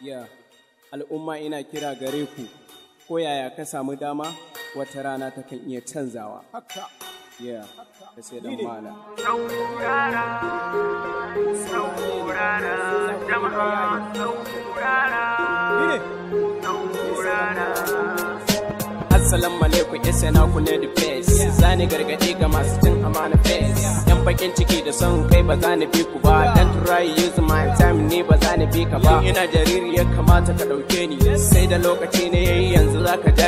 ya al'umma ina kira gare ku ko yaya ka samu dama wata rana ta kan iya canzawa haka ya ka sai dan mala saurara saurara jama'a saurara saurara Assalamu alaikum ku ne da fes Zani gargaɗi ga masu cin amana face Yan bakin ciki da son kai ba za ni bi ku ba Don't try use my time gane bi ka ba ina jariri ya kamata ka ɗauke ni sai da lokaci ne yayi yanzu za ka ja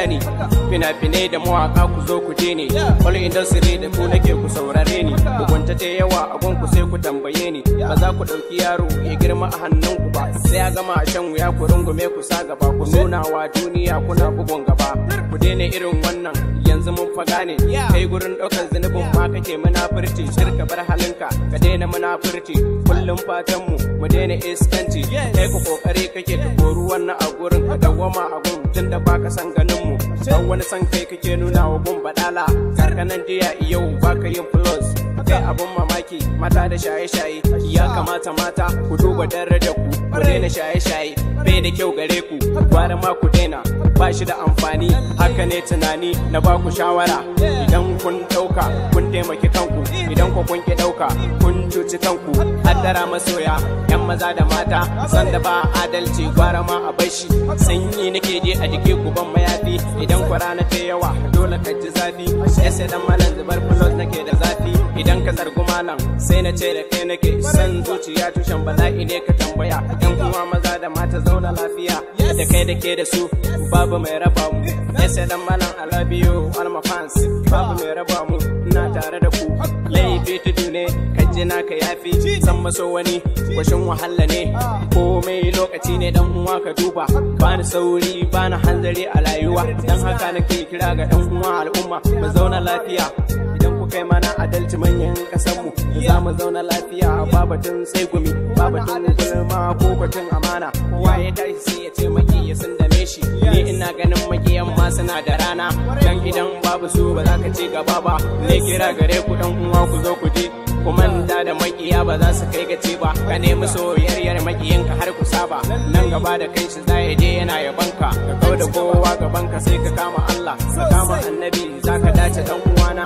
fina-finai da mawaka ku zo ku je ni all industry da ku nake ku saurare ni ku ta yawa a gunku sai ku tambaye ni ba za ku ɗauki yaro ya girma a hannun ku ba sai ya zama a shan wuya ku rungume ku sa gaba ku nunawa duniya kuna bugun gaba ku daina irin wannan yanzu mun fa gane kai gurin ɗaukar zunubin ma kake munafurci shirka bar halinka ka daina munafurci kullum fatan mu mu daina iskanci kai ku kokari kake ka koru wannan a gurin ka dawwama a gurin tunda baka san ganin mu dan wani san kai kake nuna wa gun badala karkanan jiya yau baka yin plus kai abun mamaki mata da shaye-shaye ya kamata mata ku duba daraja ku ku daina shaye-shaye bai da kyau gare ku gwara ma ku daina ba shi da amfani haka ne tunani na ba ku shawara idan kun ɗauka kun taimaki kanku idan ku kun ki ɗauka kun cuci kanku haddara masoya yan maza da mata sanda da ba adalci gwara ma a bashi sanyi nake je a jike ku ban mayafi idan ku rana ta yawa dole ka ji zafi sai dan malan zubar plus nake da zafi idan dan zargu malam sai na ce da kai nake san zuciya tushen bala'i ne ka tambaya yan kuma maza da mata zauna lafiya da kai da ke da su babu mai raba mu sai dan malam all my fans babu mai raba mu ina tare da ku laifi ta ne kaji na ka yafi san maso wani washin wahala ne komai lokaci ne dan uwa ka duba bani sauri bani hanzari a rayuwa dan haka nake kira ga dan uwa al'umma mu zauna lafiya kai mana adalci manyan kasanmu mu za mu zauna lafiya ba batun sai gumi ba batun gulma ko batun amana kowa ya tashi sai ya ce maki ya sun dame shi ni ina ganin makiyan ma suna da rana dan idan babu su ba za ka ci gaba ba ne kira gare ku dan uwa ku zo ku je kumanda da makiya ba za su kai gaci ba ka nemi soyayyar ka har ku saba nan gaba da kanshi za ya je yana yaban ka kawo da kowa gaban ka sai ka kama Allah ka kama annabi za ka dace dan uwana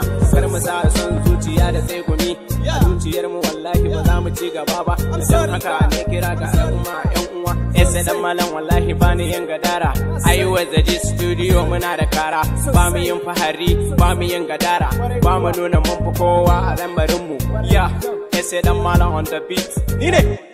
sa san zuciya da sai gumi a zuciyar mu wallahi ba za mu ci gaba ba idan haka ne kira ga al'umma yan uwa sai dan malam wallahi ba ni yan gadara ai ji studio muna da kara ba mu yin fahari ba mu yin gadara ba mu nuna mun fi kowa a lambarin mu ya sai dan malam on the beat ni ne